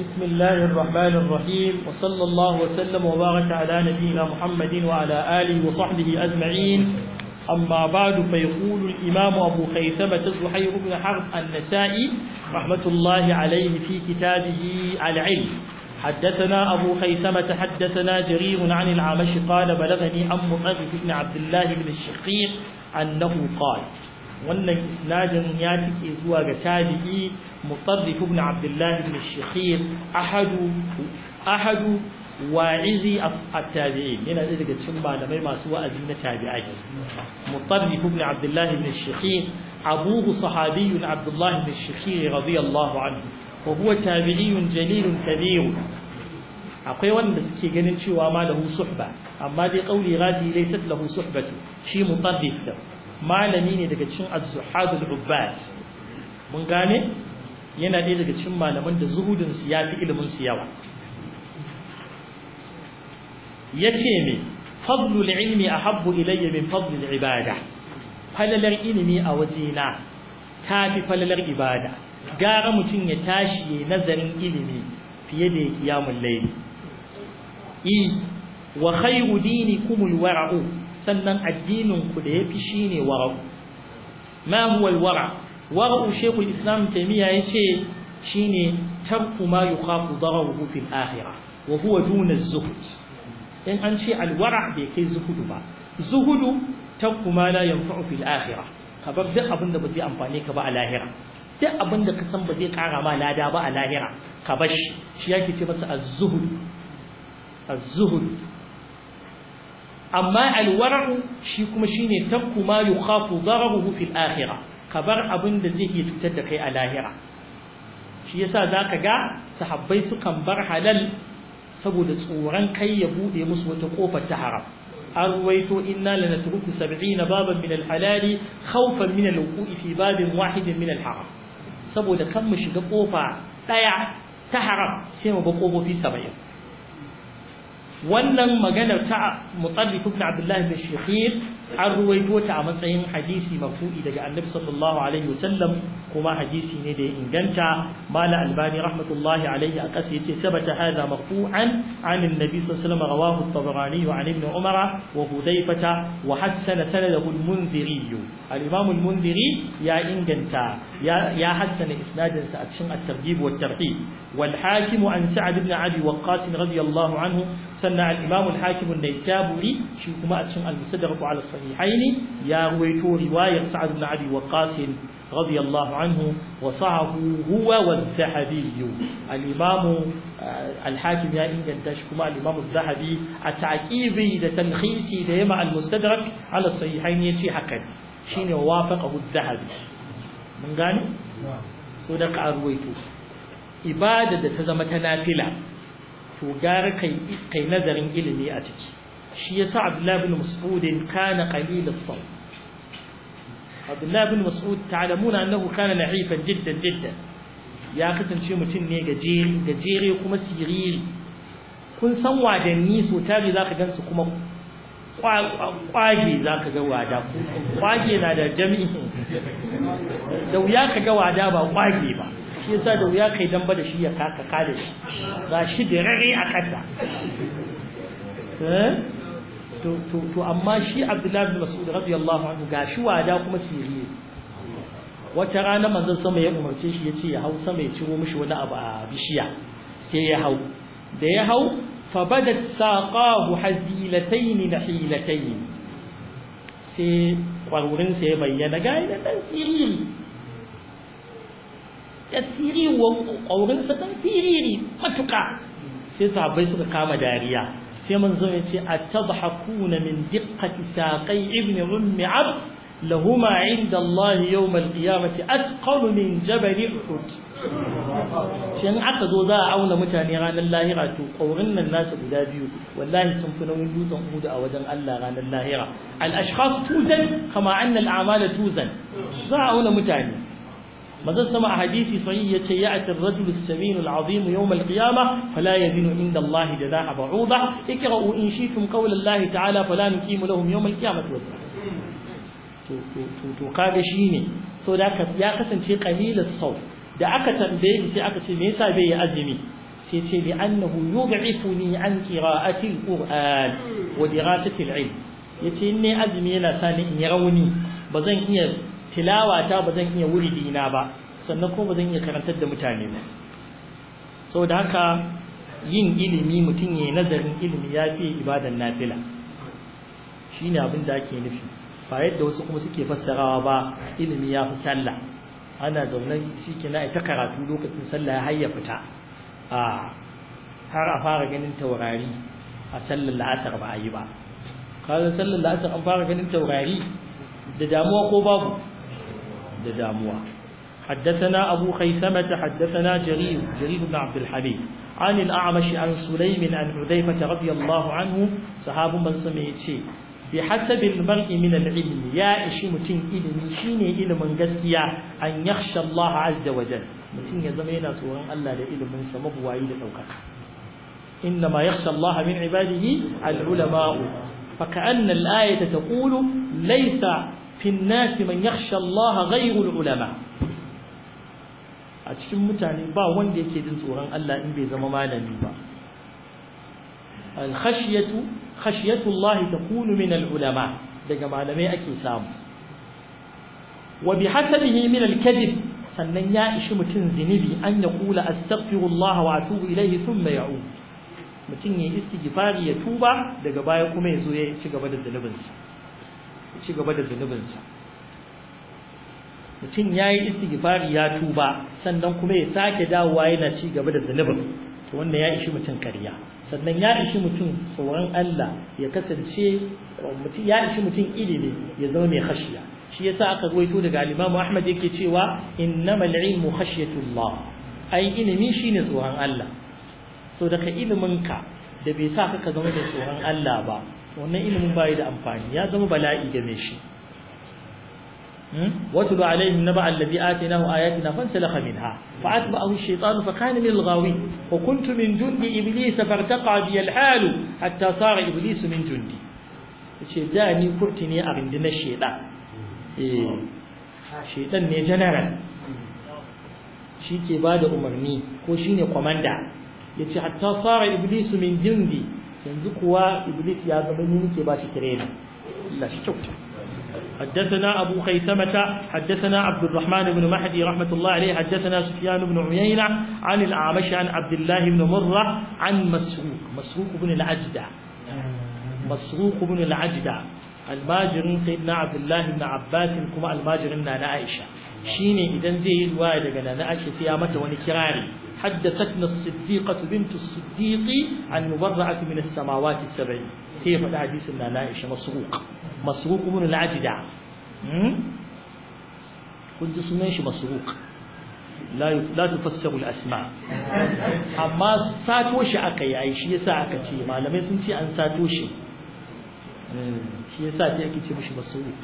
بسم الله الرحمن الرحيم وصلى الله وسلم وبارك على نبينا محمد وعلى آله وصحبه أجمعين أما بعد فيقول الإمام أبو خيثمة زهير بن حرب النسائي رحمة الله عليه في كتابه العلم حدثنا أبو خيثمة حدثنا جرير عن العامش قال بلغني أم مطرف بن عبد الله بن الشقيق أنه قال wannan isnadin ya tike zuwa ga tabi'i mutarrif ibn abdullah ibn shikhir ahadu ahadu wa'izi at-tabi'in yana da daga cikin malamai masu wa'azi na tabi'ai mutarrif ibn abdullah ibn shikhir abuhu sahabiyyun abdullah ibn shikhir radiyallahu anhu wa huwa tabi'iyyun jalilun kabir akwai wanda suke ganin cewa ma lahu suhba amma dai qauli raji laysat lahu suhbatu shi mutarrif da malami ne daga cin azuhadul ubbat mun gane yana ɗaya daga cin malaman da zuhudin su fi ilimin su yawa ce me fadlul ilmi habbu ilayya min fadlul ibada falalar ilimi a wajena fi falalar ibada gara mutum ya tashi ya nazarin ilimi fiye da ya kiyamun laili i wa khairu kumul wara'u sannan addinin ku da yafi shine wara'u ma huwa alwara wara'u shaykhul islam taymiya yace shine tarku ma yukhafu dararuhu fil akhirah wa huwa duna az-zuhd in an ce alwara bai kai zuhudu ba zuhudu tarku ma la yanfa'u fil akhirah ka bar duk abin da ba zai amfane ka ba a lahira duk abin da ka san ba zai kara ma lada ba a lahira ka bar shi shi yake ce masa az-zuhud az-zuhud amma alwara'u shi kuma shine takku ma yukhafu dararuhu fil akhirah kabar abin da zai iya cutar da kai a lahira shi yasa zaka ga sahabbai sukan bar halal saboda tsoron kai ya bude musu wata kofar ta haram an ruwaito inna lanatruku 70 baban min alhalali khawfan min alwuqi fi babin wahidin min alharam saboda kan mu shiga kofa daya ta haram sai mu ba kofofi 70 wannan maganar ta mutsarrif ibn abdullahi bin shikhir an ruwaito ta a matsayin hadisi mafu'i daga annabi sallallahu alaihi wasallam kuma hadisi ne da ya inganta mala albani rahmatullahi alaihi a kasa yace sabata hadha mafu'an an annabi sallallahu alaihi rawahu at-tabarani wa an ibn umara wa hudayfata wa hassana sanadahu al-munziri al-imam al-munziri ya inganta ya hassana isnadin sa a cikin at-targhib wa at-tarhib wal hakim an sa'ad ibn abi waqqas radiyallahu anhu sanna al-imam al-hakim an-naysaburi shi kuma a cikin al-mustadrak ala الصحيحين يا ويتو رواية سعد بن أبي وقاص رضي الله عنه وصعه هو والذهبي الإمام آه، الحاكم يا إن ينتشكما الإمام الذهبي التعكيبي لتلخيصي ديما المستدرك على الصحيحين يشي حقا شين وافقه الذهبي من قال نعم. صدق أرويتو إبادة تزمتنا فلا to gara نذر nazarin أتكي shi yasa Abdullah ibn Mas'udin kana qalil as-sawt Abdullah ibn Mas'ud ta'lamuna annahu kana na'ifan jiddan jiddan ya kasance mutum ne gajere. gajere kuma siriri kun san wadanni so tare zaka gansu kuma kwage ka ga wada kwage na da jami'i da wuya ka ga wada ba kwage ba shi yasa da wuya kai damba da shi ya kaka kada shi ga shi da rare a kasa eh to amma shi abdullahi bin mas'ud radiyallahu anhu gashi wada kuma sirri wata rana manzon sama ya umarce shi yace ya hau sama ya ciro mishi wani abu a bishiya sai ya hau da ya hau fa badat saqahu hazilatayn nahilatayn sai kwarurin sai bayyana ga ina dan sirri ya sirri wa kwarurin sa dan sirri matuka sai sahabbai suka kama dariya sai manzo ya ce atadhakuna min diqqati saqai ibn ummi abd lahuma inda Allah yawm al-qiyamati atqal min jabal uhud shin aka zo za a auna mutane ranar lahira to kaurin nan nasu guda biyu wallahi sun fi nauyin dutsen uhud a wajen Allah ranar lahira al-ashkhas tuzan kama anna al-a'mal tuzan za a auna mutane manzon sama a hadisi sahih yace ya'ti ar-rajulu as-samin al-azim yawm al-qiyamah fala yazinu inda Allah jazaha ba'udha ikra'u in shi'tum qawla Allah ta'ala fala nuqimu lahum yawm al-qiyamah to to to kaga shine so da ya kasance qalilat saw da aka tambaye shi sai aka ce me yasa bai yi azumi sai ce bi annahu yub'ifuni an qira'ati al-qur'an wa dirasati al-ilm yace ne azumi yana sani in yi rauni ba zan iya tilawa ta ba zan iya wuri dina ba sannan kuma ba zan iya karantar da mutane ba saboda haka yin ilimi mutum ya yi nazarin ilimi ya fi ibadan nafila ne abin da ake nufi ba yadda wasu kuma suke fassarawa ba ilimi ya fi sallah ana zaune shi na ita karatu lokacin sallah ya hayya fita a har a fara ganin taurari a sallar la'asar ba a yi ba kayan sallar la'asar an fara ganin taurari da damuwa ko babu da damuwa حدثنا أبو خيثمة حدثنا جرير جرير بن عبد الحميد عن الأعمش عن سليم عن حذيفة رضي الله عنه صحاب من سميتي بحسب المرء من العلم يا إشي متين إلمي شيني إلم قسيا أن يخشى الله عز وجل متين يزمينا سوران ألا لإلم سمب وعيد أوقات إنما يخشى الله من عباده العلماء فكأن الآية تقول ليس fi nasi man yakhsha Allah ghayrul ulama a cikin mutane ba wanda yake jin tsoron Allah in bai zama malami ba al-khashyatu khashyatu Allah takunu min al-ulama daga malamai ake samu wa bihasabihi min al-kadhib sannan ya ishi mutum zinubi an ya kula astaghfirullah wa atubu ilayhi thumma ya'ud mutum ya istighfari ya tuba daga baya kuma ya zo ya ci gaba da zunubinsa ya ci gaba da zunubinsa mutum ya yi istighfari ya tuba sannan kuma ya sake dawowa yana ci gaba da zunubin to wannan ya ishi mutum karya sannan ya ishi mutum tsoron Allah ya kasance ya ishi mutum ilimi ya zama mai khashiya shi yasa aka gwaito daga imam Ahmad yake cewa innamal ilmu khashyatullah ai ilimi shine tsoron Allah so daga iliminka da bai sa ka zama da tsoron Allah ba wannan ilimin bai da amfani ya zama bala'i game shi hmm? wato da alaihi naba allazi atinahu ayatina fansalakha minha fa atba ahu shaytanu fa kana lil ghawi wa kuntu min jundi iblis fartaqa bi al hal hatta sara iblis min jundi yace da ni kurti ne a rindin shaytan eh shaytan ne general shike bada umarni ko shine commander yace hatta sara iblis min jundi yanzu kuwa iblis ya zama ni nake ba shi training Allah shi kyauta حدثنا أبو خيثمة حدثنا عبد الرحمن بن مهدي رحمة الله عليه حدثنا سفيان بن عيينة عن الأعمش عن عبد الله بن مرة عن مسروق مسروق بن العجدة مسروق بن العجدة الماجر سيدنا عبد الله بن عباس كما الماجر بن عائشة شيني إذا زي الواحد أنا عائشة سيامة ونكراري حدثتنا الصديقة بنت الصديق عن مبرعة من السماوات السبع سيف الحديث لنا عائشة مسروق مسروق من العجدة كنت سميش مسروق لا لا تفسر الأسماء أما ساتوش أكي أي شيء ساكتي ما لم يسمى أن ساتوشي شيء ساتي أكيد مش مسروق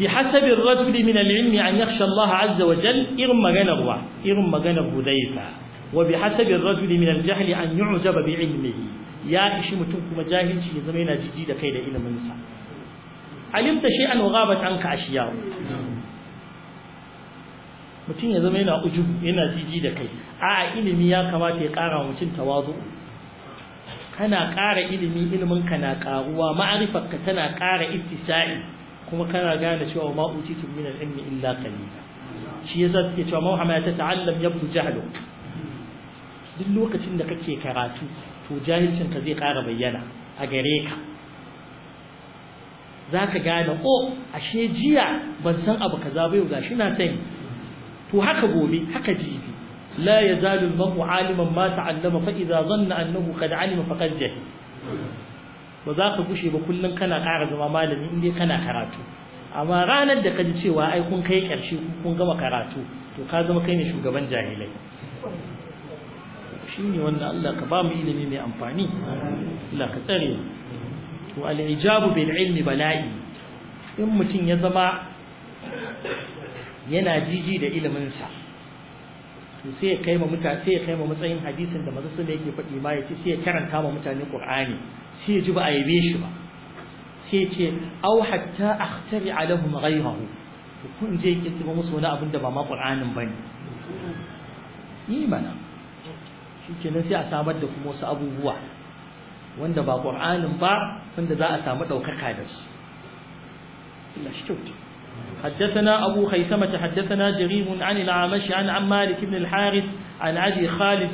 بحسب الرجل من العلم أن يخشى الله عز وجل إرم مغنبوا إرم مغنب هذيفة وبحسب الرجل من الجهل أن يعجب بعلمه يا إشي متنكم جاهل شي زمينا جديد كيد إلى منسى علمت شيئا وغابت عنك أشياء mutum ya zama yana uju yana jiji da kai a ilimi ya kamata ya ƙara mutum tawazu kana ƙara ilimi ilimin ka na ƙaruwa ma'arifarka tana ƙara ittisa'i kuma kana gane cewa ma utitu min al-ilmi illa qalila shi yasa take cewa ma ta ta'allam yabdu jahlu duk lokacin da kake karatu to jahilcin ka zai kara bayyana a gare ka zaka gane ko ashe jiya ban san abu kaza ba yau gashi na sani to haka gobe haka jibi la yazalu al-mar'u aliman ma ta'allama fa idza dhanna annahu qad alima faqad ba za ka gushe ba kullum kana ƙara zama malami in dai kana karatu amma ranar da ka ji cewa ai kun kai ƙarshe kun gama karatu to ka zama kai ne shugaban jahilai shi ne wannan Allah ka ba mu ilimi mai amfani Allah ka tsare to al-ijabu bil ilmi bala'i in mutum ya zama yana jiji da iliminsa to sai ya kai ma mutane sai ya kai matsayin hadisin da manzo sallallahu yake faɗi ma yace sai ya karanta ma mutane Qur'ani سيجب أي أيبيشوا سيجي أو حتى أخترع لهم غيره وكون زي كنت بمصونا أبن دبا ما قرآن بني إيمانا شو كنا سي أسامد لكم موسى أبو هو وان دبا قرآن با فان دبا أسامد لكم كقادس إلا شتوت حدثنا أبو خيثمة حدثنا جريم عن العامش عن عمالك بن الحارث عن عدي خالد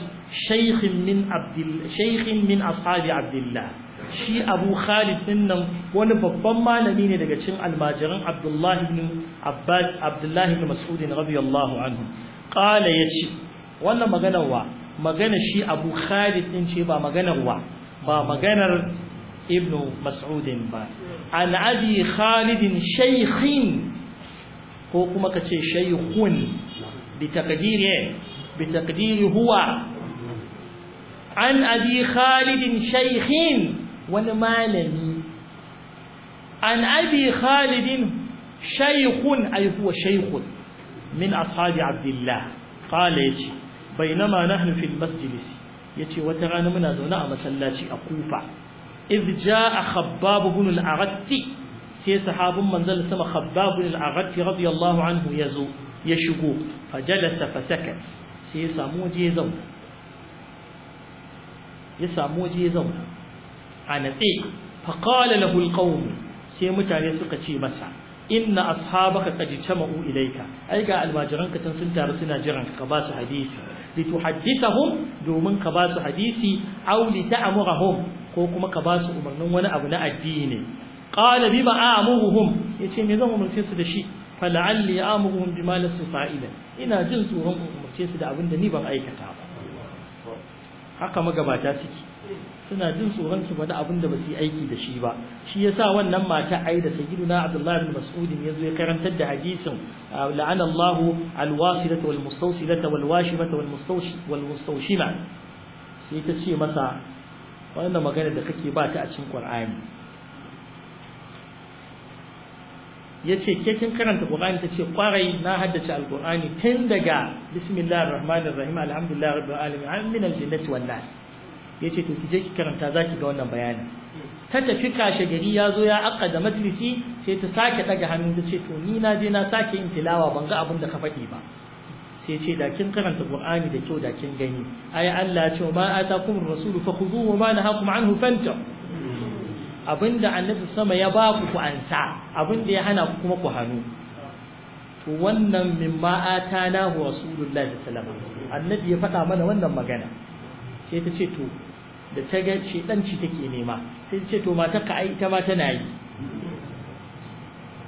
شيخ من عبد شيخ من أصحاب عبد الله shi abu khalid din nan wani babban malami ne daga cin almajiran abdullahi ibn abbas abdullahi ibn mas'ud radiyallahu anhu qala yace wannan maganar wa magana shi abu khalid din ce ba maganar wa ba maganar ibn Mas'udin ba an abi khalid shaykhin ko kuma kace shaykhun bi taqdiri bi taqdiri huwa an abi khalid shaykhin wani malami an abi khalidin shaykhun ay huwa shaykhun min ashabi abdullah qala yace bainama nahnu fil masjid yace wata rana muna zaune a masallaci a kufa idh jaa khabbab ibn al-aratti sai sahabun manzal sama khabbab ibn al-aratti radiyallahu anhu yazo ya shigo fajalasa fasakat sai ya samu waje ya zauna ya samu je zauna a natse faƙala lahul qawm sai mutane suka ce masa inna ashabaka qad jama'u ilayka ai ga almajiranka tun sun taru suna jiran ka ba su hadisi li tuhaddithahum domin ka ba su hadisi aw li ta'murahum ko kuma ka ba su umarnin wani abu na addini qala bima a'muruhum yace me zan umarce su da shi fala'alli bi bima lasu fa'ila ina jin tsoron umarce su da abin da ni ban aikata ba haka magabata suke suna jin tsoron su faɗi abin da ba su yi aiki da shi ba shi yasa wannan mata ai da sayyiduna abdullahi bin mas'ud ya zo ya karantar da hadisin la'ana Allah alwasilata wal mustawsilata wal washimata wal wal mustawshima sai ta ce masa wannan magana da kake ba ta a cikin Qur'ani yace ke kin karanta Qur'ani tace kwarai na haddace alqur'ani tun daga bismillahir rahmanir rahim alhamdulillahi rabbil alamin min aljannati wan ce to ki je ki karanta zaki ga wannan bayani ta tafi kashe gari ya zo ya da majalisi sai ta sake daga hannu ta ce to ni na je na sake yin tilawa ban ga abin da ka faɗi ba sai ce da kin karanta qur'ani da kyau da kin gani ai Allah ya ce ma atakum rasulu fakhuduhu ma nahakum anhu fantahu abinda annabi sama ya ba ku ku ansa abinda ya hana ku kuma ku hannu to wannan min mimma nahu rasulullahi sallallahu alaihi wasallam annabi ya faɗa mana wannan magana sai ta ce to da ta ga shedanci take nema sai ce to matarka ai ita ma tana yi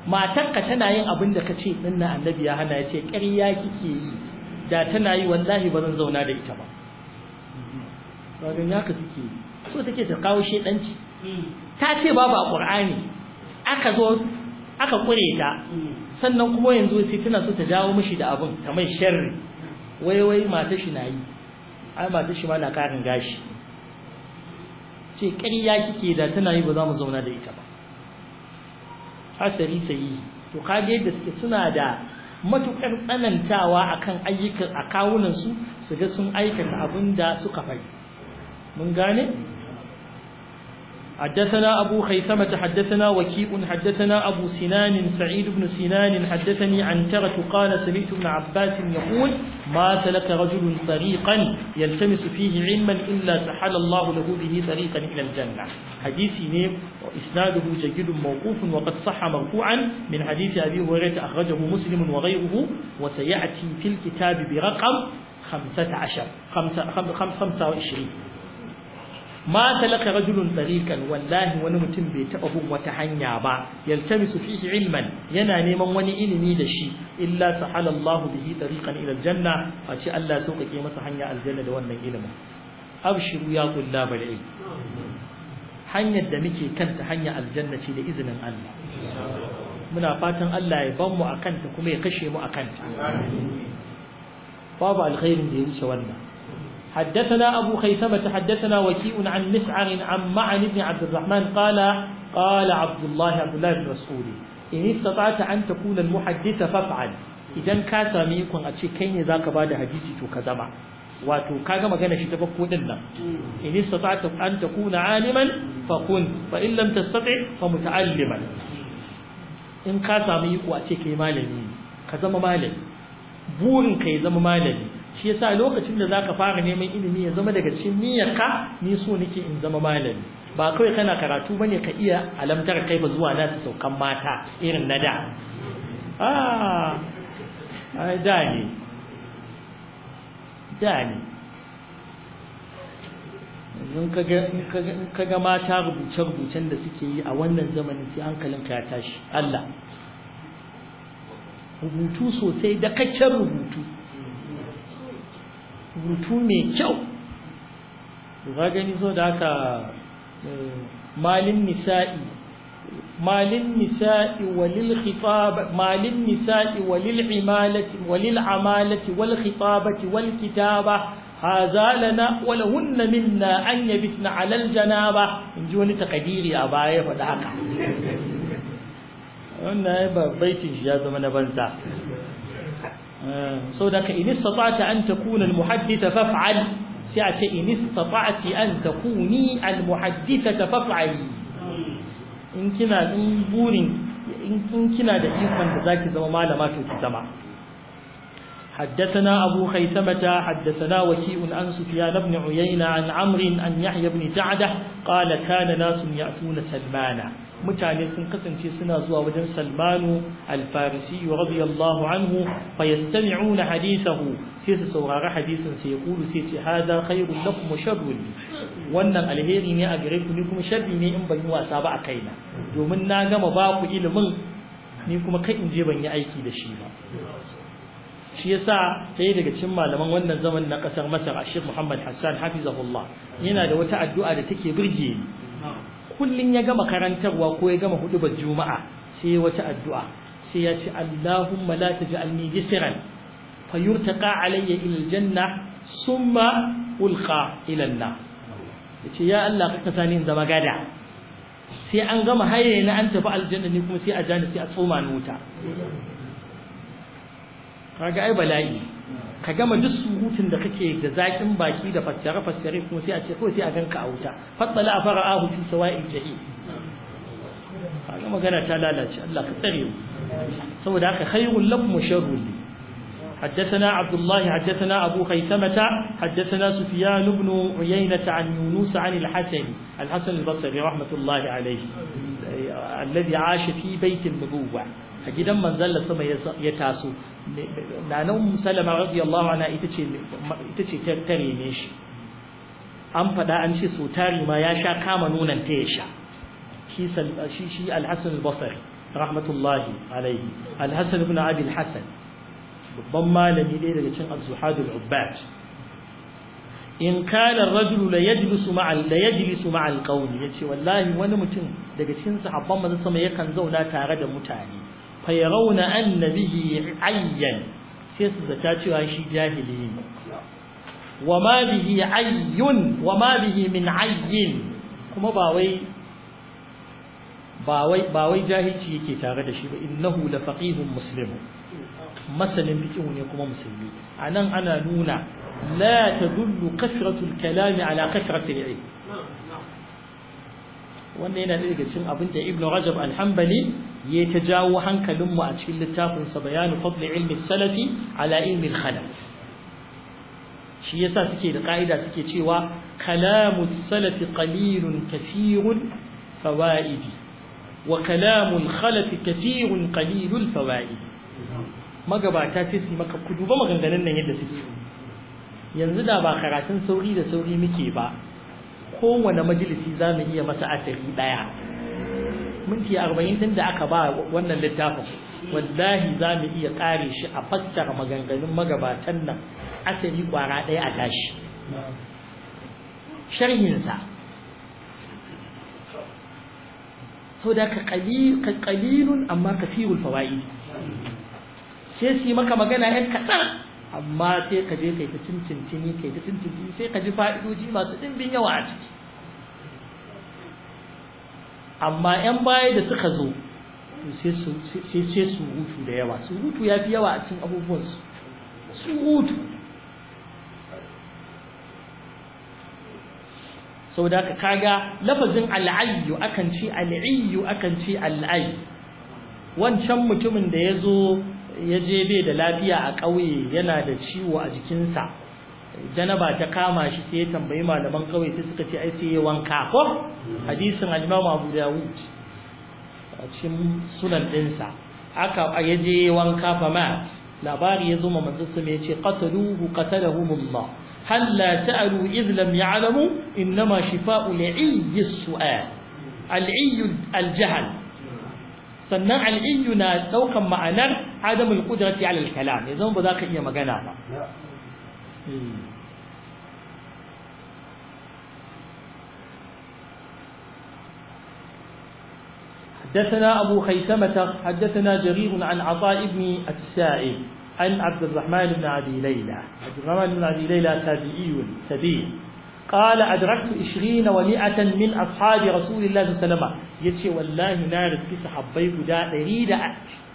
matarka tana yin abin da ka ce din na annabi ya hana ya ce ƙarya kike yi da tana yi wallahi ba zan zauna da ita ba babin haka yi. so take ta kawo shedanci ta ce babu a ƙur'ani aka zo aka ƙure ta sannan kuma yanzu sai tana so ta jawo mishi da abin ta mai sharri wai wai mata shi na yi ai mata shi ma na karin gashi ce ƙarya kike da tana yi ba za mu zauna da ita ba hasari sayi to kaga yadda suke suna da matukar tsanantawa akan ayyukan a kawunan su su ga sun aikata abin da suka faɗi mun gane حدثنا أبو خيثمة حدثنا وكيء حدثنا أبو سنان سعيد بن سنان حدثني عن ترة قال سمعت ابن عباس يقول ما سلك رجل طريقا يلتمس فيه علما إلا سحل الله له به طريقا إلى الجنة حديث نيم وإسناده جيد موقوف وقد صح مرفوعا من حديث أبي هريرة أخرجه مسلم وغيره وسيأتي في الكتاب برقم خمسة عشر خمسة, خمسة وعشرين ma talaka rajulun tariqan wallahi wani mutum bai taɓa bin wata hanya ba yaltamisu fihi ilman yana neman wani ilimi da shi illa sahala Allah bihi tariqan ila aljanna a ce Allah sauƙaƙe masa hanya aljanna da wannan ilimin abshiru ya kulla da ilmi hanyar da muke kanta hanya aljanna ce da izinin Allah muna fatan Allah ya ban mu akanta kuma ya kashe mu akanta babu alkhairin da ya wuce wannan حدثنا أبو ta حدثنا وكيء عن مسعر عن معن بن عبد الرحمن قال قال عبد الله عبد الله بن مسعود إن استطعت أن تكون المحدث فافعل idan ka sami ikon a ce kai ne za ka ba da hadisi to ka zama wato ka ga magana shi ta farko din nan in istata'ta an takuna aliman fa fa in lam tastati fa muta'alliman in ka sami a ce ka zama ka ya zama malami shi yasa lokacin da zaka fara neman ilimi ya zama daga cikin niyyarka ni so nake in zama malami ba kawai kana karatu bane ka iya alamtar kai ba zuwa na saukan mata irin na da ah ai da ne da ne in ka ga mata rubuce-rubucen da suke yi a wannan zamanin sai ka ya tashi Allah rubutu sosai da kakken rubutu rubutu mai kyau ba gani so da aka eh, malin nisa'i malin nisa'i walil khitab malin nisa'i walil imalati walil amalati wal khitabati wal kitaba hadha lana wa minna an yabitna ala al janaba inji wani takadiri a baya faɗa haka wannan ba baitin shi ya zama na banza سو صدق إن استطعت أن تكون المحدثة فافعل سعت إن استطعت أن تكوني المحدثة فافعلي إن كنا نبور إن كنا دقيقا بذلك زمام على ما في السماء حدثنا أبو خيثمة حدثنا وكيء عن سفيان بن عيينة عن عمرو أن يحيى بن جعدة قال كان ناس يأتون سلمانا mutane sun kasance suna zuwa wajen salmanu alfarisi radiyallahu anhu fa yastami'una hadithahu sai su saurari hadisin sai ya kulu sai ce hada khairun lakum wa sharrun wannan alheri ne a gare ku ni kuma sharri ne in ban yi wasa ba a kaina domin na gama ba ku ilimin ni kuma kai in je ban yi aiki da shi ba shi yasa sai daga cikin malaman wannan zaman na ƙasar Masar Ashir Muhammad Hassan hafizahullah yana da wata addu'a da take burge ni kullun ya gama karantarwa ko ya gama hudubar juma'a sai wata addu'a sai ya ce Allahumma la taj'alni fa yurtaqa alayya ila aljanna summa ulqa ila anna yace ya Allah ka kasani in zama gada sai an gama haye na an tafi aljanna ni kuma sai a jani sai a tsoma ni wuta kaga ai bala'i ka gama duk surutun da kake da zakin baki da fassare fassare kuma sai a ce kawai sai a ganka a wuta fatsala a fara'ahu fi sawa'il jahim kaga magana ta lalace Allah ka tsare mu saboda haka khairul lakum sharrul li حدثنا عبد الله حدثنا أبو خيثمة حدثنا سفيان بن عيينة عن يونس عن الحسن الحسن البصري رحمة الله عليه الذي عاش في بيت النبوة a gidan manzalla sama ya taso na nan musalama radiyallahu anha ita ce ita ce ta reme shi an faɗa an ce sautari ma ya sha kama nunan ta ya sha shi shi shi rahmatullahi alaihi Alhassan ibn Abi alhassan babban malami ɗaya daga cin az-zuhad in kana ar la yajlisu ma'a la yajlisu ma'a al-qawm yace wallahi wani mutum daga cikin sahabban manzon sama yakan zauna tare da mutane fa yarawna anna bihi ayyan sai su zata cewa shi jahili ne wa ma bihi ayyun wa ma bihi min ayyin kuma ba wai ba wai ba wai jahilci yake tare da shi ba innahu la faqihun muslimun masanin fiqhu ne kuma musulmi anan ana nuna la tadullu kasratu al ala kasrati al-ilm wannan yana daga cikin abin da Ibn Rajab al-Hanbali ya ta jawo hankalinmu a cikin littafinsa bayanu fadli ilmi salafi ala ilmi khalaf shi yasa suke da ka'ida suke cewa kalamu salafi qalilun kathirun fawaidi wa kalamu khalafi kathirun qalilul fawaidi magabata sai su maka ku duba maganganun nan yadda suke yanzu da ba karatun sauri da sauri muke ba kowane majalisi za mu iya masa a asiri ɗaya. minti arba'in din da aka ba wannan littafin wallahi za mu iya kare shi a fassara maganganun magabatan nan asali kwara ɗaya a tashi sharhinsa sau da ka ƙalilun amma kafirul fawa'i sai su yi maka magana ‘yan kaɗan amma sai ka je kai ta cincin kai ta cincin sai ka ji fa'idoji masu ɗimbin yawa a ciki amma yan baya da suka zo sai su hutu da yawa su hutu ya fi yawa a cikin abubuwansu su hutu sau da ka kaga lafazin al'ayyu akan ce al'ayyu akan ce al'ayyu wancan mutumin da ya zo ya je bai da lafiya a ƙauye yana da ciwo a jikinsa janaba ta kama shi sai ya tambayi malaman kawai sai suka ce ai sai ya wanka ko hadisin al-Imam Abu Dawud a cikin sunan dinsa aka yaje wanka fa mat labari ya zo ma manzon sa ya ce qataluhu qatalahum Allah hal la ta'alu idh lam ya'lamu innama shifa'u li'i sual al-'i al-jahl sannan al na daukan ma'anar adamul qudrati 'ala al-kalam yanzu ba za ka iya magana ba حدثنا أبو خيثمة حدثنا جرير عن عطاء بن السائب عن عبد الرحمن بن عدي ليلى عبد الرحمن بن عدي ليلى تابعي ثبيت قال أدركت عشرين ومئة من أصحاب رسول الله صلى الله عليه وسلم يتشي والله نارد في صحابي قداء دريد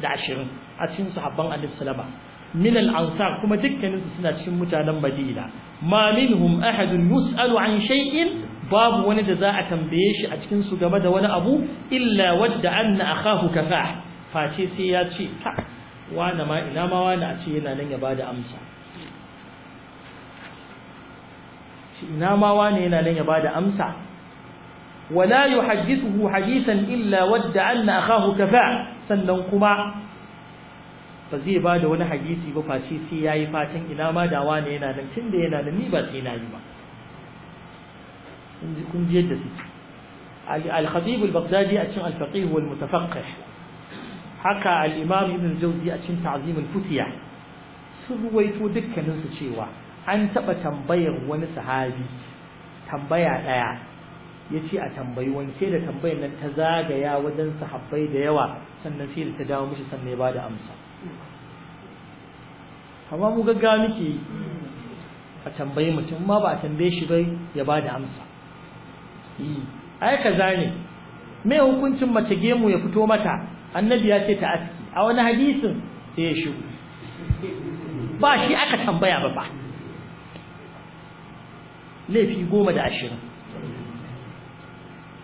عشرين عشرين صحابان النبي صلى الله عليه وسلم Minal ansar kuma dukkanin suna cikin mutanen Madina ma minhum ahadun yus'alu an shay'in babu wani da za a tambaye shi a cikin su game da wani abu illa wadda anna akahu kafah face sai ya ta ina ma wani a yana nan ya bada amsa ina ma wani wala illa wadda anna sannan kuma ba zai ba da wani hadisi ba face sai ya yi fatan ina ma dawa ne yana nan tun da yana nan ni ba sai na yi ba kun ji yadda suke al al-baghdadi a cikin al-faqih wal mutafaqqih haka al-imam ibn jawzi a cikin ta'zim al-futiya su ruwaito dukkanin su cewa an taba tambayar wani sahabi tambaya daya ya ce a tambayi wance da tambayar nan ta zagaya wajen sahabbai da yawa sannan sai da ta dawo mishi sannan ya ba da amsa amma mu gaggawa muke a tambayi mutum ma ba a tambaye shi bai ya ba da amsa eh, ai kaza ne me hukuncin mace gemu ya fito mata annabi ya ce ta aski a wani hadisin sai ya shigo ba shi aka tambaya ba ba laifi goma da ashirin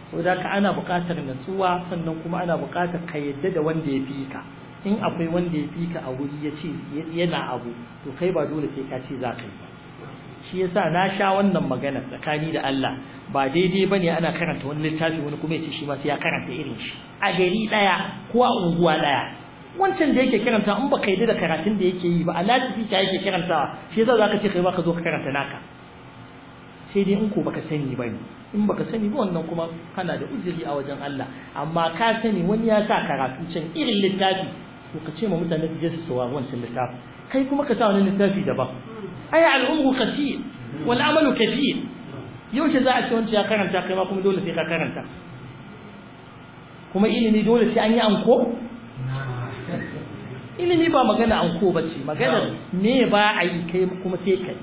sau da ka ana buƙatar natsuwa sannan kuma ana buƙatar ka yadda da wanda ya fi ka in akwai wanda ya fi a wuri ya ce yana abu to kai ba dole sai ka ce za ka yi ba shi yasa na sha wannan magana tsakani da Allah ba daidai bane ana karanta wani littafi wani kuma yace shi ma sai ya karanta irin shi a gari daya ko a unguwa ɗaya, wancan da yake karanta in baka yi da karatun da yake yi ba a Allah ta yake karantawa shi yasa zaka ce kai ba ka zo ka karanta naka sai dai in ko baka sani ba ne, in baka sani ba wannan kuma kana da uzuri a wajen Allah amma ka sani wani ya sa karatu can irin littafi to ka ce ma mutane su je su sawa wancan littafi kai kuma ka sa wani littafi daban ai al'umru kafi wal amalu kafi yaushe za a ce wancan ya karanta kai ma kuma dole sai ka karanta kuma ilimi dole sai an yi anko ilimi ba magana anko ba ce magana me ba a yi kai kuma sai kai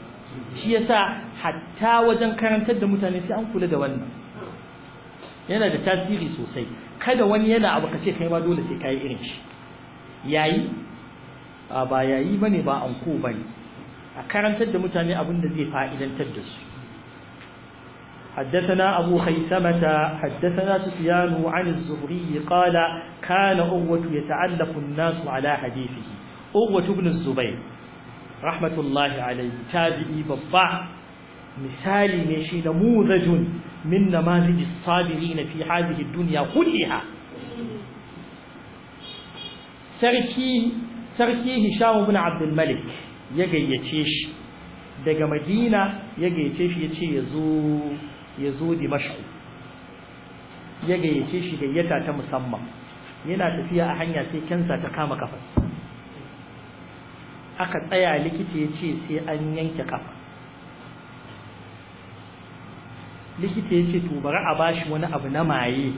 shi yasa hatta wajen karantar da mutane sai an kula da wannan yana da tasiri sosai kada wani yana abu ka ce kai ma dole sai ka yi irin shi yayi a ba yayi bane ba anko bane a karantar da mutane abin da zai fa'idantar da su حدثنا أبو خيثمة حدثنا سفيان عن الزهري قال كان أغوة يتعلق الناس على حديثه أغوة بن الزبير رحمة الله عليه تابعي ببع مثالي مشي نموذج من نماذج الصابرين في هذه الدنيا كلها sarki sarki hisham ibn abdul malik ya gayyace shi daga madina ya gayyace shi ya ce ya dimashq ya gayyace shi gayyata ta musamman yana tafiya a hanya sai kansa ta kama kafas. aka tsaya likita yace sai an yanke kafa likita yace ce to bari a bashi wani abu na maye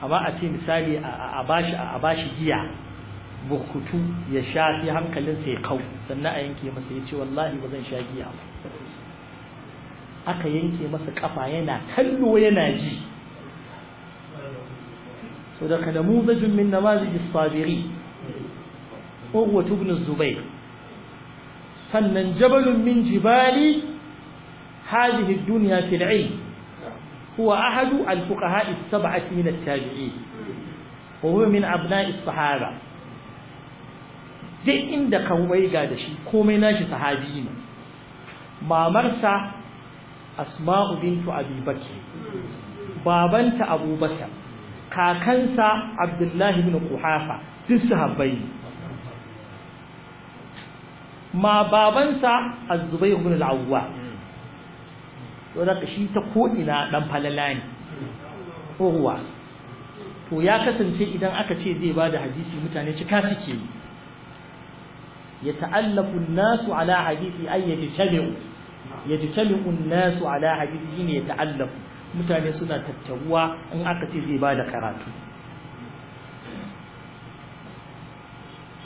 kama a ce misali a bashi a bashi giya bukutu ya sha sai hankalinsa ya kau sannan a yanke masa ya ce wallahi ba zan sha giya aka yanke masa kafa yana kallo yana ji so da kada mu zajin min namazi isfabiri urwa ibn zubair sannan jabalun min jibali hadhihi duniya dunya هو أحد الفقهاء السبعة من التابعين وهو من أبناء الصحابة duk inda kawai ga da shi komai nashi sahabi ne mamarsa asma'u bintu abi bakr babanta abubakar kakanta abdullahi bin quhafa duk sahabbai ne ma babansa az-zubayr ibn al-awwa to zaka shi ta ko ina dan falala ne Ko ruwa to ya kasance idan aka ce zai bada hadisi mutane cika suke yi yata'allafu an-nasu ala hadisi ay yajtami'u yajtami'u an-nasu ala hadisi ne yata'allafu mutane suna tattaruwa in aka ce zai bada karatu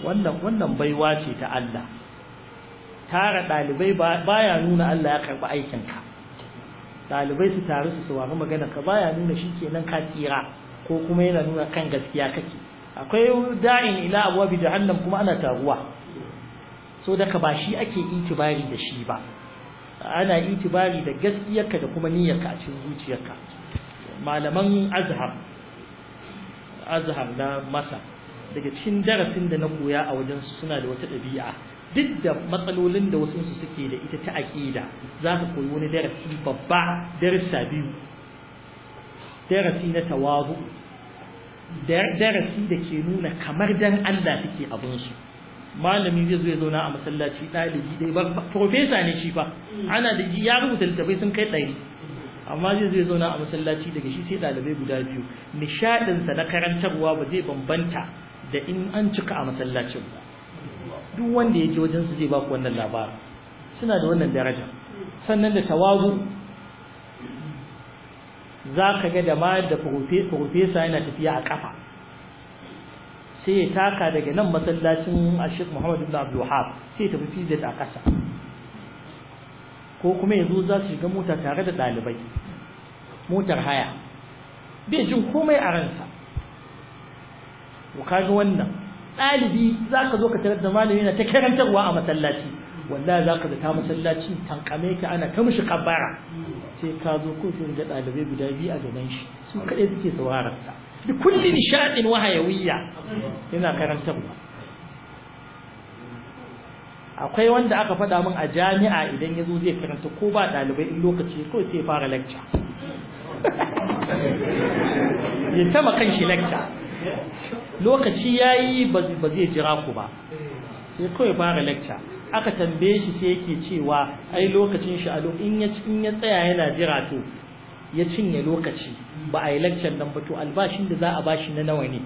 wannan wannan baiwa ce ta Allah tara ɗalibai baya nuna Allah ya karɓi aikinka ɗalibai su taru su saurari magana ka baya nuna shi kenan ka tsira ko kuma yana nuna kan gaskiya kake akwai da'in ila abuwa bi jahannam kuma ana taruwa so daga ba shi ake itibari da shi ba ana itibari da gaskiyarka da kuma niyyarka a cikin zuciyarka malaman azhar azhar na masa daga cikin darasin da na koya a wajen suna da wata ɗabi'a duk da matsalolin da wasu su suke da ita ta aƙida za ka koyi wani darasi babba darasa biyu darasi na tawazu darasi da ke nuna kamar dan Allah suke abinsu malami zai zo ya zauna a masallaci ɗalibi dai ba profesa ne shi fa ana da ya rubuta littafai sun kai ɗari amma zai zo ya zauna a masallaci daga shi sai ɗalibai guda biyu nishaɗinsa na karantarwa ba zai bambanta da in an cika a masallacin ba duk wanda ya wajen su zai ba ku wannan labarin suna da wannan daraja sannan da tawazu za ka ga da ma da profesa yana tafiya a kafa sai ya taka daga nan masallacin ashik Muhammadu da abdul wahab sai ya tafi fizet a kasa ko kuma yanzu za su shiga mota tare da ɗalibai motar haya bai jin komai a ransa ka ga wannan ɗalibi za ka zo ka tarar da malami na ta karantarwa a masallaci wanda za ka zata masallaci tankame ka ana ta mushi kabara sai ka zo ko sai ɗalibai guda biyu a gaban shi su kaɗai suke sauraron sa da kullum nishaɗin wahayawiyya yana karantarwa akwai wanda aka faɗa min a jami'a idan ya zo zai karanta ko ba ɗalibai in lokaci kawai sai fara lacca? ya tama kan shi lakca lokaci yayi ba zai jira ku ba sai kawai fara lecture aka tambaye shi sai yake cewa ai lokacin shi a in ya ya tsaya yana jira to ya cinye lokaci ba a yi lecture nan ba to albashin da za a bashi na nawa ne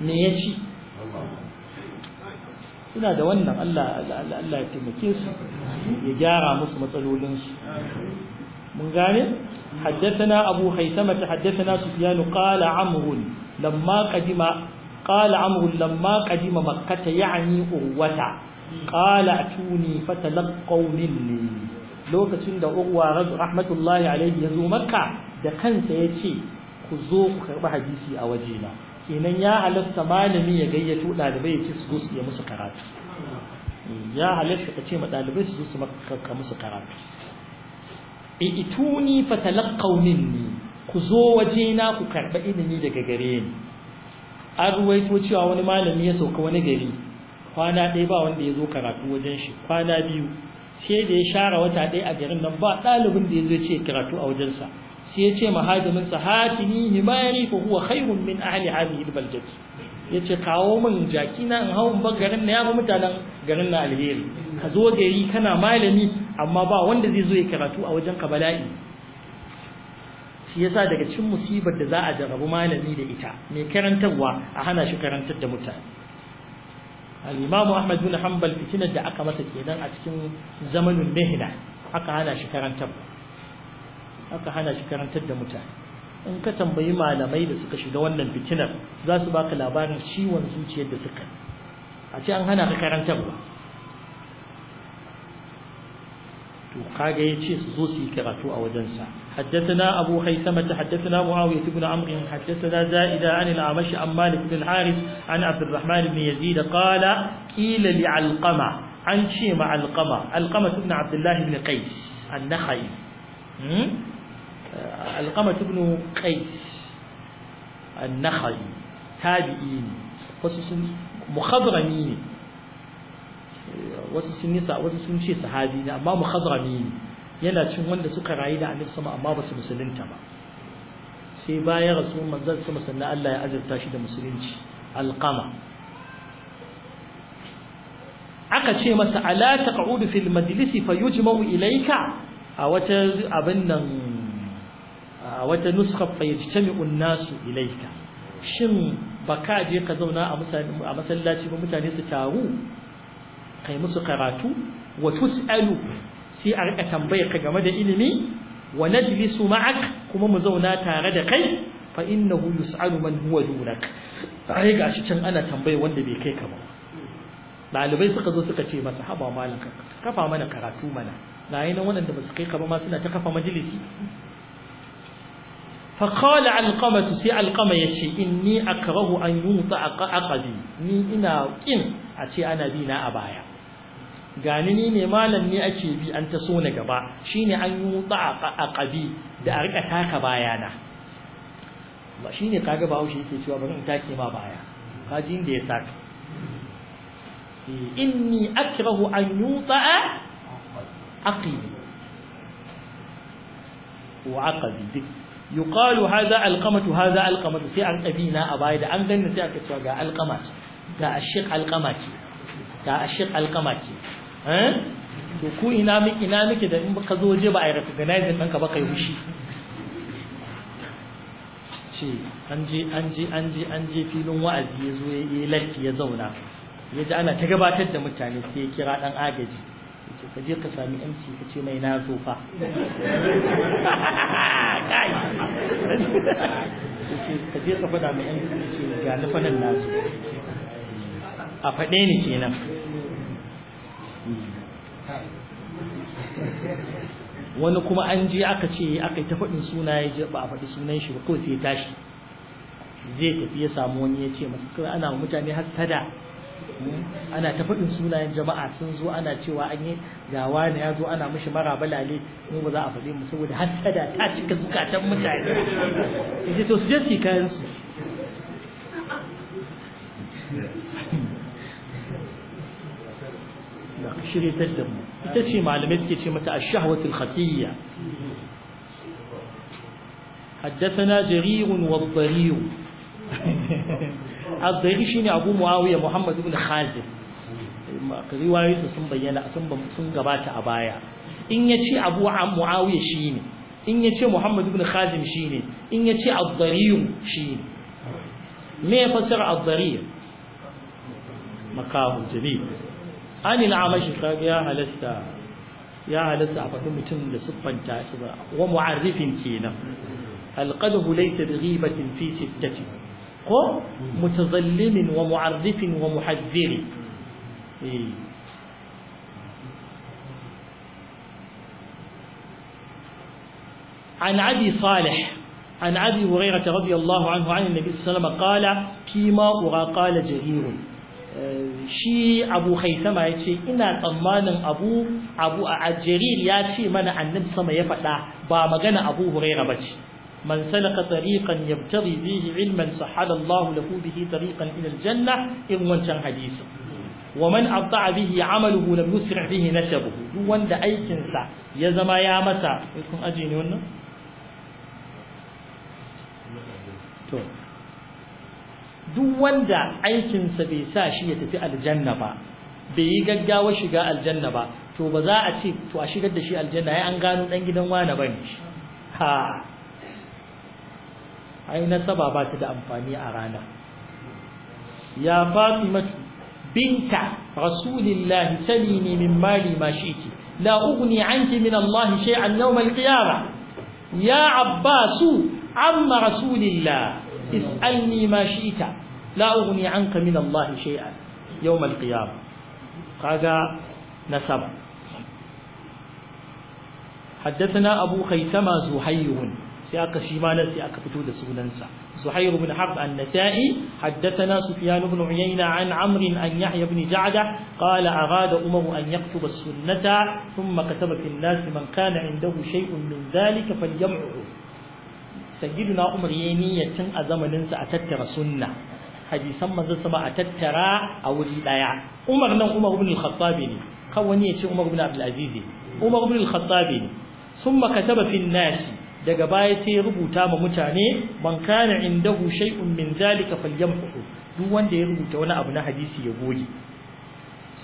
me ya ci suna da wannan Allah Allah ya taimake su ya gyara musu matsalolin su mun gane حدثنا أبو هيثمة حدثنا سفيان قال عمرو لما قدم قال عمرو لما قدم مكة يعني urwata. قال أتوني فتلقوا مني lokacin da urwa rahmatullahi alaihi ya zo makka da kansa ya ce ku zo ku karɓi hadisi a wajena kenan ya halatta malami ya gayyato ɗalibai ya ce su zo ya musu karatu ya halatta ka ce ma ɗalibai su zo su maka musu karatu ituni fatalaqaw minni ku zo wajena ku karɓi ilimi daga gare ni an ruwaito cewa wani malami ya sauka wani gari kwana ɗaya ba wanda ya zo karatu wajen shi kwana biyu sai da ya share wata ɗaya a garin nan ba ɗalibin da ya zo ce karatu a wajensa sai ya ce mahajimin sa hatini himari ko huwa khairun min ahli hadhihi albaljati ce kawo min jaki na in hau ban garin na ga mutanen garin na alheri ka zo gari kana malami amma ba wanda zai zo ya karatu a wajen ka bala'i shi yasa daga cikin musibar da za a jarabu malami da ita mai karantarwa a hana shi karantar da mutane al-imamu ahmad bin hanbal fitinar da aka masa kenan a cikin zamanin mihna aka hana shi karantar aka hana shi karantar da mutane in ka tambayi malamai da suka shiga wannan fitinar za su baka labarin ciwon zuciyar da suka a ce an hana ka karantarwa to kaga ya ce su zo su yi karatu a wajensa حدثنا أبو حيثمة حدثنا معاوية بن عمرو حدثنا زائدة عن الأعمش عن مالك بن الحارث عن عبد الرحمن بن يزيد قال قيل لعلقمة عن شيم علقمة علقمة بن عبد الله بن قيس النخعي علقمة بن قيس النخعي تابعين مخضرمين وسسن sun وسسن شيء sun أما مخضرمين yana cin wanda suka rayu da annabi sama amma ba su musulunta ba sai bayan rasu manzon sama sannan Allah ya azurta shi da musulunci alqama aka ce masa ala taq'udu fil majlisi fayujma'u ilayka a wata abin nan a wata nuskha fayajtami'u nasu ilayka shin baka je ka zauna a masallaci ba mutane su taru kai musu karatu wa tus'alu sai a rika tambayar ka game da ilimi wa najlisu ma'ak kuma mu zauna tare da kai fa innahu yus'alu man huwa dunak ai gashi can ana tambayar wanda bai kai ka ba dalibai suka zo suka ce masa haba malam ka kafa mana karatu mana na yi nan waɗanda ba su kai ka ba ma suna ta kafa majalisi فقال علقمة سي علقمة يشي إني أكره أن ينطع عقبي ني إنا كين أشي أنا بينا أبايا gani ni ne malam ne ake bi an ta so na gaba shine an yi mutsa a ƙabi da a rika taka bayana ba shine kaga ba haushi yake cewa bari in take ma baya kaji inda ya saka eh, inni akrahu an yutsa aqib wa aqabi yuqalu hadha alqamatu hadha alqamatu sai an qabina a baya da an ganna sai aka cewa ga alqama ga ashiq alqama ce ga ashiq alqama ce Eh? to ku ina miki ina miki da in ka zo waje ba a yi din ka ba kai hushi ce an je an je an je an je filin wa'azi ya zo ya lalci ya zauna ya ji ana ta gabatar da mutane sai ya kira ɗan agaji ce ka je ka sami yanci ka ce mai na zo fa ka je ka faɗa mai yanci ka ce ga nufanin nasu a faɗe ni kenan wani kuma an je aka ce aka ta faɗin suna ya je ba a faɗi sunan shi ba ko sai ya tashi zai tafi ya samu wani ya ce masu kawai ana wa mutane hasada ana ta faɗin sunayen jama'a sun zo ana cewa an yi gawa ne ya zo ana mishi mara balale mu ba za a faɗi mu saboda hasada ta cika zukatan mutane ce to su je su kayan su shiryatar da mu ita ce malamai suke ce mata ash-shahwatul khafiyya حدثنا جرير والضرير الضرير abu أبو معاوية محمد بن خازم riwayoyinsa sun bayyana sun gabata a baya in ya ce abu mu'awiya shi ne in ya ce muhammad ibn khazim shi ne in ya ce abdariyun shi ne me ya fasara abdariyun makahu jalil anil amashi kaga ya halasta ya halasta a faɗi mutum da siffanta shi ba wa mu'arrifin kenan alqadhu laysa bighibatin fi sittati ko mutazallimin wa mu'arrifin wa muhaddiri عن أبي صالح عن أبي هريرة رضي الله عنه عن النبي صلى الله عليه وسلم قال فيما أرى قال جرير shi abu haisama ya ce ina tsammanin abu abu a ajirir ya ce mana annabi sama ya faɗa ba magana abu huraira ba ce man salaka tariqan yabtaghi bihi ilman sahala Allah lahu bihi tariqan ila janna in wancan hadisi wa man abta'a bihi amaluhu lam yusri' bihi nasabuhu duk wanda aikinsa ya zama ya masa kun aji ne wannan to duk wanda aikinsa bai sa shi ya tafi aljanna ba bai yi gaggawa shiga aljanna ba to ba za a ce to a shigar da shi aljanna ya an gano dan gidan wane ba ne ha ai nasaba ba ta da amfani a rana ya fatimatu binta rasulillahi salini min mali ma shi'ti la ugni anki min allahi shay'an yawm al-qiyamah ya abbasu amma rasulillah is'alni ma shi'ita la ughni anka min Allah shay'an yawm al-qiyam kaga nasab haddathana abu khaytama zuhayyun sai aka shi ma aka fito da sunan sa zuhayr ibn harb an-nasa'i haddathana sufyan ibn uyayna an amr an yahya ibn ja'da qala arada umar an yaktuba as-sunnata thumma kataba fi an-nas man kana indahu shay'un min dhalika falyam'uhu sayyiduna umar ya niyya tun a zamanin a tattara sunna hadisan manzo sama a tattara a wuri daya umar nan umar ibn al-khattab ne kan wani ya ce umar ibn abdul umar ibn al-khattab ne summa kataba fi an-nas daga baya sai ya rubuta ma mutane man kana indahu shay'un min zalika falyamhu duk wanda ya rubuta wani abu na hadisi ya goge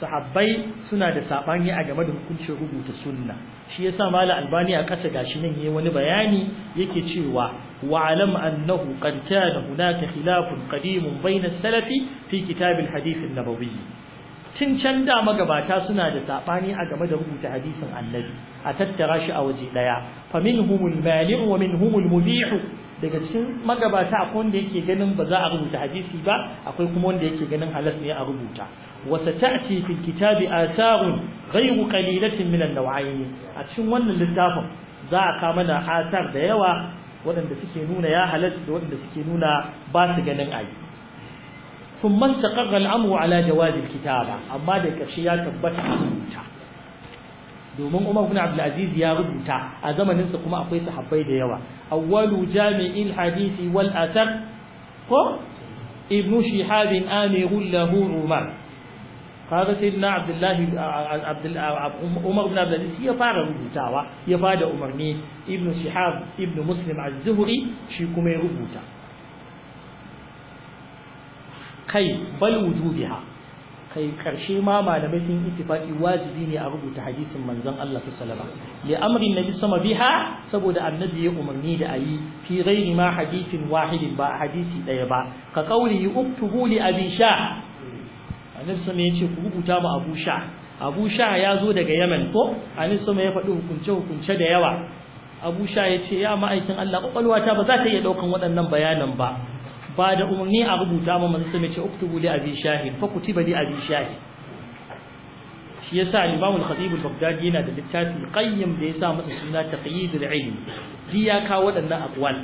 sahabbai suna da sabani a game da hukuncin rubuta sunna shi yasa malam albani a kasa gashi nan yayi wani bayani yake cewa wa alam annahu qad kana hunaka khilafun qadimun bayna salafi fi kitab al na an-nabawi tun can da magabata suna da sabani a game da rubuta hadisin annabi a tattara shi a waje daya fa minhumul mali' wa minhumul mubih daga cikin magabata akwai wanda yake ganin ba za a rubuta hadisi ba akwai kuma wanda yake ganin halas ne a rubuta وستأتي في الكتاب آثار غير قليلة من النوعين أتشن ون للدافع ذاك من آثار ديوا ودن سكينون يا هلت ودن سكينون باسقن أي ثم استقر الأمر على جواز الكتابة أما ذلك الشيء تبت domin Umar ibn Abdul Aziz ya rubuta a zamanin sa kuma akwai sahabbai da yawa awwalu jami'il hadisi wal athar ko ibnu shihab amirul lahu umar kaga sai na abdullahi um, umar bin abdulaziz ya fara rubutawa ya bada umarni ibn shihab ibn muslim az-zuhri shi kuma ya rubuta kai bal wujubiha kai karshe ma malamai sun ittifaqi wajibi ne a rubuta hadisin manzon Allah sallallahu alaihi wasallam li ji nabi sama biha saboda annabi ya umarni da ayi fi ghairi ma hadithin wahidin ba hadisi daya ba ka qawli uktubu li abi shah annabi sama yace ku rubuta mu abu sha abu sha ya zo daga Yemen ko annabi sama ya faɗi hukunce hukunce da yawa abu sha ya ya ma'aikin allah kwakwalwata ba za ta iya ɗaukan waɗannan bayanan ba ba da umarni a rubuta mu manzo sama yace uktubu li abi shahid fa kutiba li abi shahid shi yasa al-imam al-khatib al-baghdadi yana da littafi qayyim da yasa masa suna taqyid al-ilm ji ya kawo waɗannan aqwal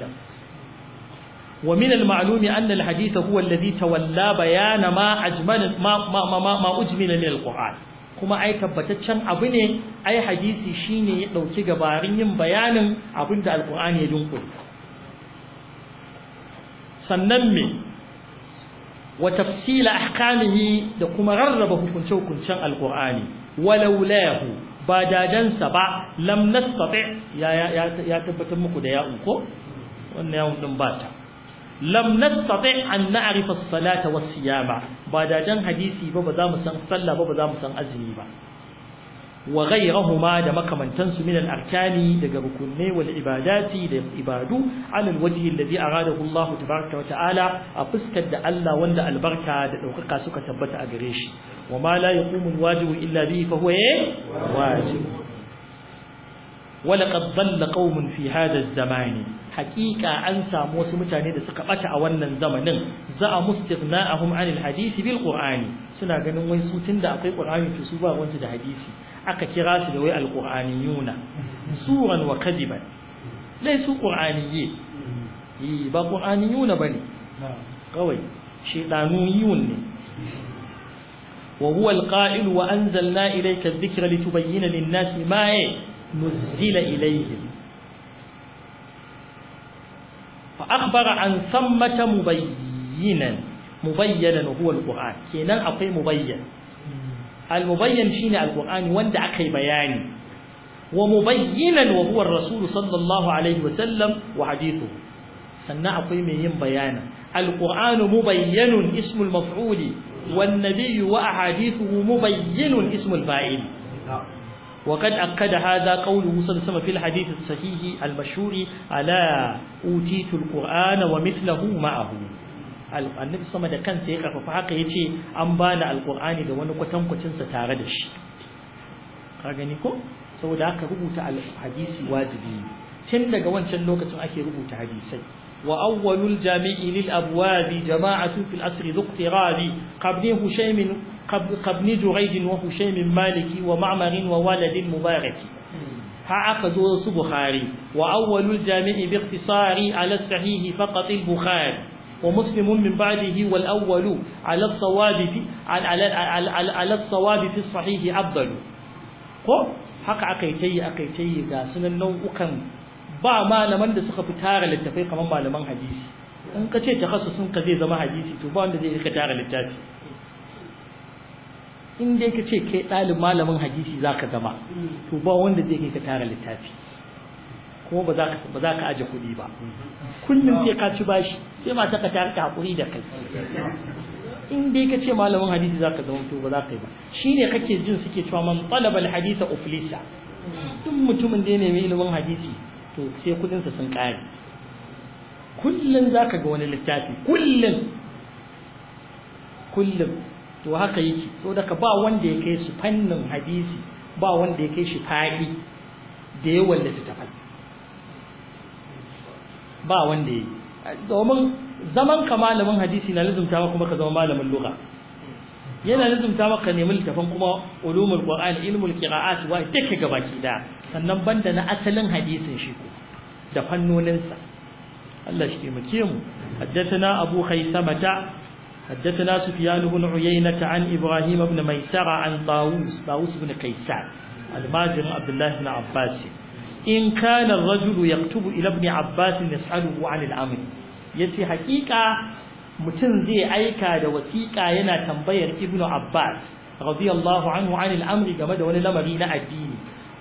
ومن المعلوم أن الحديث هو الذي تولى بيان ما أجمل ما ما ما ما, ما أجمل من القرآن kuma ai tabbataccen abu ne ai hadisi shine ya dauki gabarin yin bayanin abin da alqur'ani ya dunkule sannan me wa tafsila ahkamihi da kuma rarraba hukunce hukuncen alqur'ani walaulayahu ba dadansa ba lam nastati ya ya ya tabbatar muku da ya ko wannan ya'un din ba ta lam nastati an na'rifa as-salata was-siyama ba da jan hadisi ba ba za mu san sallah ba ba za mu san azumi ba wa ghayrahuma da makamantan su min al-arkani daga rukunne wal ibadati da ibadu ala al-wajhi alladhi aradahu Allah tabaaraka wa ta'ala a fuskar da Allah wanda albarka da daukaka suka tabbata a gare shi wa ma la yaqumu al-wajibu illa bihi fa huwa eh? wajib ولقد ضل قوم في هذا الزمان haƙiƙa an samu wasu mutane da suka ɓata a wannan zamanin za a mustighna'ahum 'anil hadisi bil qur'ani suna ganin wai su tunda akwai qur'ani to su ba wanda da hadisi aka kira su da wai al qur'aniyuna suran wa kadiban laysu qur'aniyyi yi ba qur'aniyuna bane kawai shedanuyun ne wa huwa al qa'il wa anzalna ilayka adh-dhikra litubayyana lin-nasi ma nuzila ilayhim فأخبر عن ثمة مبينا مبينا وهو القرآن كينان أقي مبين المبين شين القرآن واندع أقي بياني ومبينا وهو الرسول صلى الله عليه وسلم وحديثه سنة أقي ميين بيانا القرآن مبين اسم المفعول والنبي وأحاديثه مبين اسم الفاعل وقد أكد هذا قوله صلى الله عليه وسلم في الحديث الصحيح المشهور ألا أوتيت القرآن ومثله معه النبي صلى الله عليه وسلم كان يقرأ فحق يتي أنبان القرآن دون كتن كتن ستاردش كاغنيكو سو داك ربوت الحديث واجبي tun daga wancan lokacin ake rubuta hadisai وأول الجامع للأبواب جماعة في الأسر ذو اقتراب قبل هشيم kabni juraidin wa hushaymin maliki wa ma'amarin wa waladin mubaraki ha aka zo su Buhari wa awwalul jami'i bi ikhtisari ala sahihi faqat al bukhari wa muslimun min ba'dihi wal awwalu ala sawabi fi ala sawabi fi sahihi afdalu ko haka akai tayi akai tayi ga sunan nau'ukan ba malaman da suka fi tara littafai kamar malaman hadisi in ka ce takassusun ka zai zama hadisi to ba wanda zai rika tara littafi in dai ka ce kai ɗalin malamin hadisi za ka zama to ba wanda zai kai ka tara littafi kuma ba za ka aje kuɗi ba kullum sai ka ci bashi sai ma ka tara ka haƙuri da kai in dai ka ce malamin hadisi za ka zama to ba za ka yi ba shi ne kake jin suke cewa man talabal hadisa uflisa duk mutumin da ya nemi ilimin hadisi to sai kuɗinsa sun ƙare kullum za ka ga wani littafi kullum kullum to haka yake so daga ba wanda ya kai su fannin hadisi ba wanda ya kai shi faɗi da ya wallace ta faɗi ba wanda ya yi domin zaman ka malamin hadisi na lazumta kuma ka zama malamin lugha yana lazumta maka nemi littafan kuma ulumul qur'an ilmul qira'at wa take gabaki da sannan banda na asalin hadisin shi ko da fannoninsa Allah shi taimake mu haddathana abu ta. حدثنا سفيان بن عيينة عن إبراهيم بن ميسرة عن طاووس طاووس بن كيسان الماجر عبد الله بن عباس إن كان الرجل يكتب إلى ابن عباس يسأله عن الأمر يتي حقيقة mutum zai aika da wasiƙa yana tambayar ibnu abbas radiyallahu anhu an al'amri game da wani lamari na addini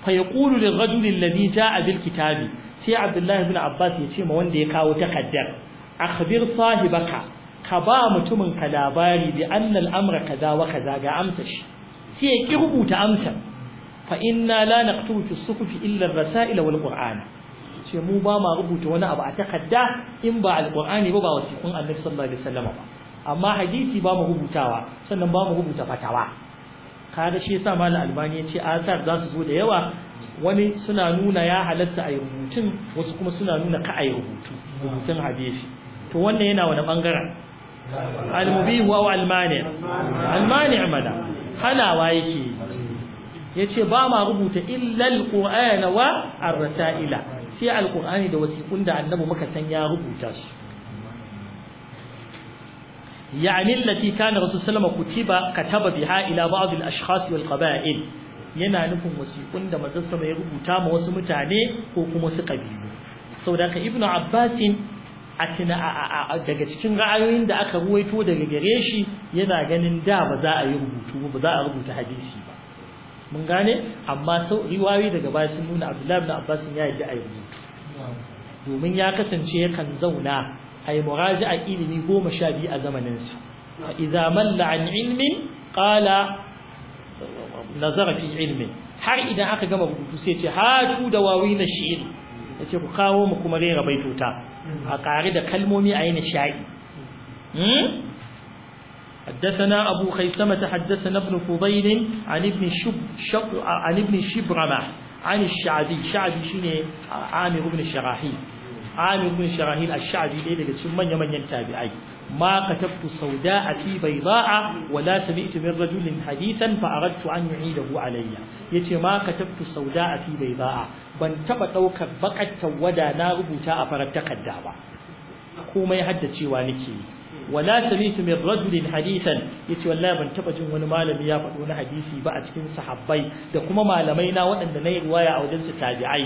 fa yaqulu lil rajul alladhi jaa bil kitabi sai abdullahi ibn abbas ya ce ma wanda ya kawo takaddar akhbir ka ba mutumin ka labari bi annal amra kaza wa kaza ga amsa shi sai ya ki rubuta amsa fa inna la naktubu fi suhufi illa ar-rasail wal qur'ana ce mu ba ma rubuta wani abu a takadda in ba alqur'ani ba ba wasiqun annabi sallallahu alaihi wasallam ba amma hadisi ba mu rubutawa sannan ba mu rubuta fatawa kada shi yasa malam albani ya ce asar za su zo da yawa wani suna nuna ya halatta a rubutun wasu kuma suna nuna ka a rubutu rubutun hadisi to wannan yana wani bangaren al-mubihu aw al-mani' hanawa yake yace ba ma rubuta illa al-qur'an wa ar-rasaila sai Alƙur'ani da wasiqun da annabi muka san ya rubuta su يعني التي كان رسول الله عليه وسلم كتب كتب بها إلى بعض الأشخاص yana nufin wasiƙun da manzon sama ya rubuta ma wasu mutane ko kuma su ƙabilu saboda ka ibnu abbasin a tuna daga cikin ra'ayoyin da aka ruwaito daga gare shi yana ganin da ba za a yi rubutu ba za a rubuta hadisi ba mun gane amma sau riwayoyi daga baya sun nuna Abdullahi ibn Abbas ya yi da a rubutu domin ya kasance yakan zauna a yi a ilimi goma sha biyu a zamaninsa a idza malla an ilmi qala nazara fi ilmi har idan aka gama rubutu sai ce hatu da wawi na shi'ir yace ku kawo mu kuma rera baituta a ƙare da kalmomi a yi nishaɗi حدثنا أبو خيثمة حدثنا ابن فضيل عن ابن شب شب عن ابن شبرمة عن الشعبي شعبي شنو عامر بن الشراحيل عامر بن الشراحيل الشعبي ليه لقد سمي من ينتابعي ما كتبت سوداء في بيضاء ولا سمعت من رجل حديثا فأردت أن يعيده علي يتي ما كتبت سوداء في بيضاء ban taba daukar bakar tawada na rubuta a farar takarda ba komai haddacewa nake yi wala samitu min rajulin hadithan yace wallahi ban taba jin wani malami ya faɗo na hadisi ba a cikin sahabbai da kuma malamai na waɗanda na yi riwaya a wajen su tabi'ai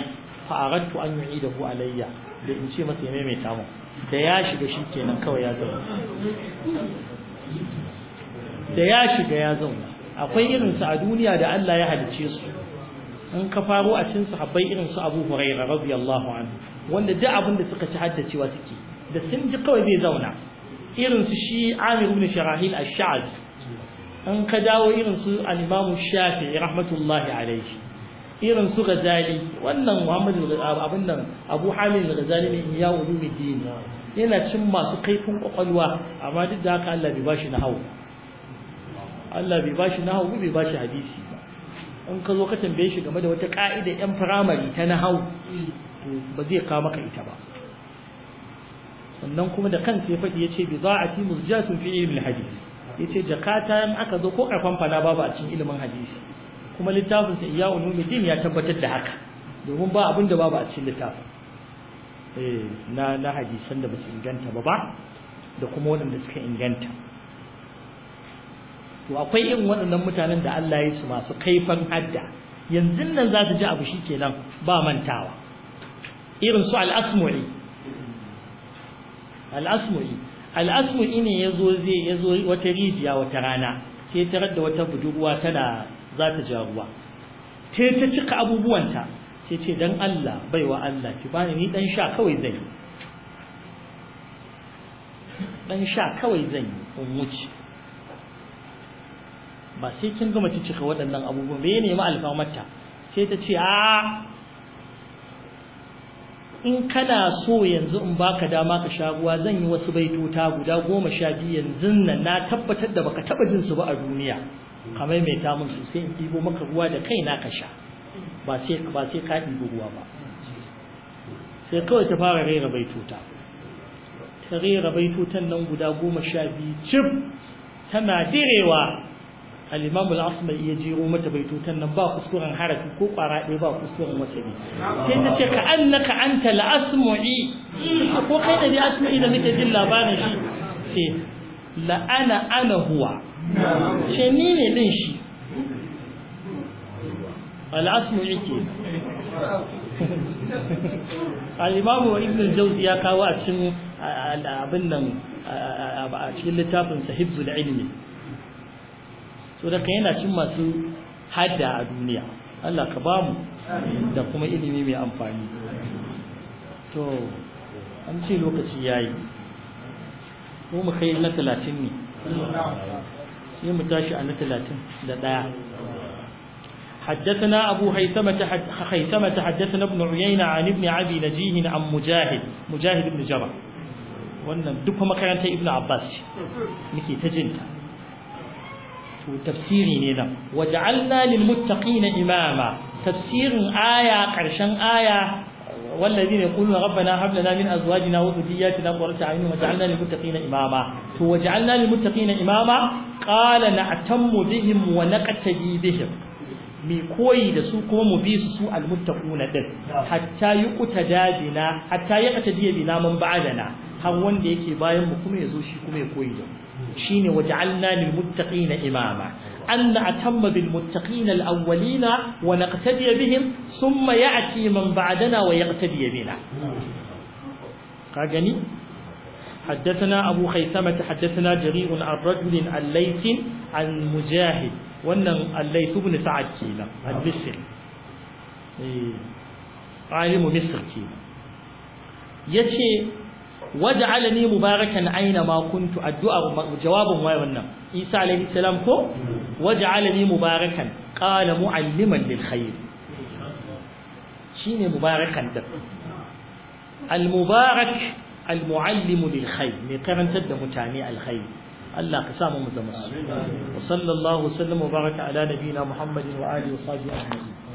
fa aradtu an yu'idahu alayya da in ce masa ya maimaita da ya shiga shikenan kawai ya zauna. da ya shiga ya zauna akwai irinsu a duniya da Allah ya halice su in ka faru a cin sahabbai irin su Abu Hurairah radiyallahu anhu wanda duk abin da suka ci haddacewa suke da sun ji kawai zai zauna irin su shi Amir ibn Sharahil ash-Sha'bi in ka dawo irin su al-Imam Shafi'i rahmatullahi alayhi irin su Ghazali wannan Muhammad abin nan Abu Hamid Ghazali ne ya ulumuddin yana cin masu kaifin kwakwalwa amma duk da haka Allah bai bashi nahawu Allah bai bashi nahawu bai bashi hadisi ba in ka zo ka tambaye shi game da wata ƙa'ida yan firamare ta na to ba zai kawo maka ita ba sannan kuma da kansa ya faɗi ya ce bida'ati musjatun fi ilimin hadisi. ya ce jakata in aka zo ko karfan fana babu a cikin ilimin hadisi kuma littafin sa iya ulumuddin ya tabbatar da haka domin ba abin da babu a cikin littafin eh, na na hadisan da ba su inganta ba ba da kuma waɗanda suka inganta to akwai irin waɗannan mutanen da Allah ya su masu kaifan hadda yanzu nan za su ji abu shi nan ba mantawa irin su al'asmu'i alasmu'i al ne ya zo ne ya zo wata rijiya wata rana sai tarar da wata budurwa tana za ta ja ruwa sai ta cika abubuwanta sai ce dan Allah baiwa Allah ki bani ni dan sha kawai zan yi dan sha kawai zan yi in wuce ba sai kin gama cicika waɗannan abubuwan bai nemi alfamarta sai ta ce a in kana so yanzu in baka dama ka sha ruwa zan yi wasu baitota guda goma sha biyu yanzu nan na tabbatar da baka taba jin su ba a duniya kamar mai ta mun sai in ɗibo maka ruwa da na ka sha ba sai ba sai ka ɗibo ruwa ba sai kawai ta fara rera baitota ta rera baitotan nan guda goma sha biyu cif tana direwa al-imam al-asma'i ya mata baitutan nan ba kuskuren harafi ko kwara ɗaya ba kuskuren wasali sai na ce ka annaka anta al-asma'i ko kai da bi asma'i da muke jin labarin shi ce la'ana ana ana huwa ce ni ne din shi al-asma'i ke al-imam ibn al-jawzi ya kawo a cikin abin nan a cikin littafin sa ilmi so da ka yana cin masu hada a duniya Allah ka ba mu da kuma ilimi mai amfani to an ce lokaci ya yi, ko mu kai na talatin ne sai mu tashi a na talatin da ɗaya حدثنا أبو هيثمة هيثمة حدثنا ابن عيينة عن ابن أبي نجيه عن مجاهد مجاهد بن جبر wannan duk makarantar ibnu abbas nake ta to tafsiri ne nan waj'alna lil muttaqina imama tafsirin aya karshen aya والذين يقولون ربنا هب لنا من ازواجنا وذرياتنا قرة اعين وجعلنا للمتقين na وجعلنا للمتقين اماما قال نعتم wa ونقتدي بهم mi koyi da su kuma mu bi su su almuttaquna din hatta yuqtada bina hatta yaqtadi bina man ba'dana har wanda yake bayan mu kuma yazo shi kuma ya koyi da mu shi ne wa ja'alna na muttaqina imama anna atamma bil muttaqina al awwalina wa naqtadi bihim thumma ya'ti man ba'adana wa yaqtadi bina ka gani حدثنا أبو خيثمة حدثنا جريء عن رجل عن ليث عن مجاهد وأن الليث بن سعد كينا عن مصر عالم waj'alni mubarakan aina ma kuntu addu'a jawabin wai wannan Isa alaihi salam ko waj'alni mubarakan qala mualliman lil khair shine mubarakan da al mubarak al muallim lil khair ne karantar da mutane al khair Allah ka samu mu zama su wa sallallahu sallam wa baraka ala nabiyina muhammadin wa alihi wa sahbihi ajma'in